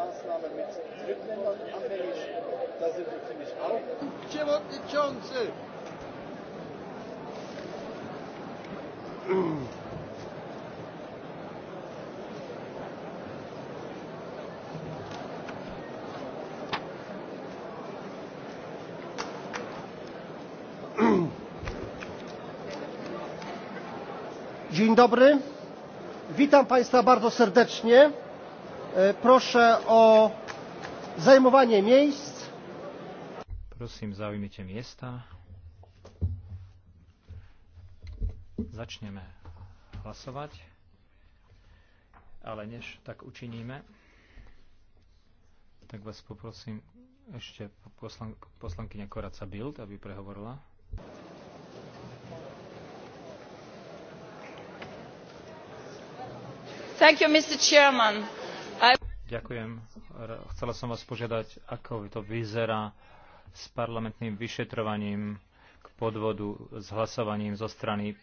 mit Drittländern Da sind wir ziemlich Dzień dobry. Witam Państwa bardzo serdecznie. E, proszę o zajmowanie miejsc. Prosím, zaujmite miesta. Začneme hlasovať. Ale než tak učiníme, tak vás poprosím ešte poslan- poslankyňa Koraca Bild, aby prehovorila. Thank you, Mr. Chairman. Ďakujem. Chcela som vás požiadať, ako to vyzerá s parlamentným vyšetrovaním k podvodu s hlasovaním zo strany